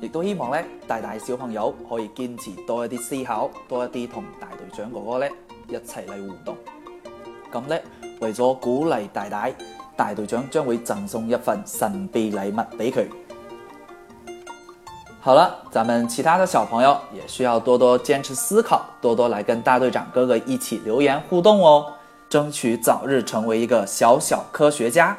亦都希望咧，大大小朋友可以堅持多一啲思考，多一啲同大隊長哥哥咧一齊嚟互動。咁咧，為咗鼓勵大大，大隊長將會贈送一份神秘禮物俾佢。好啦，咱們其他的小朋友也需要多多堅持思考，多多嚟跟大隊長哥哥一起留言互動哦，爭取早日成為一個小小科學家。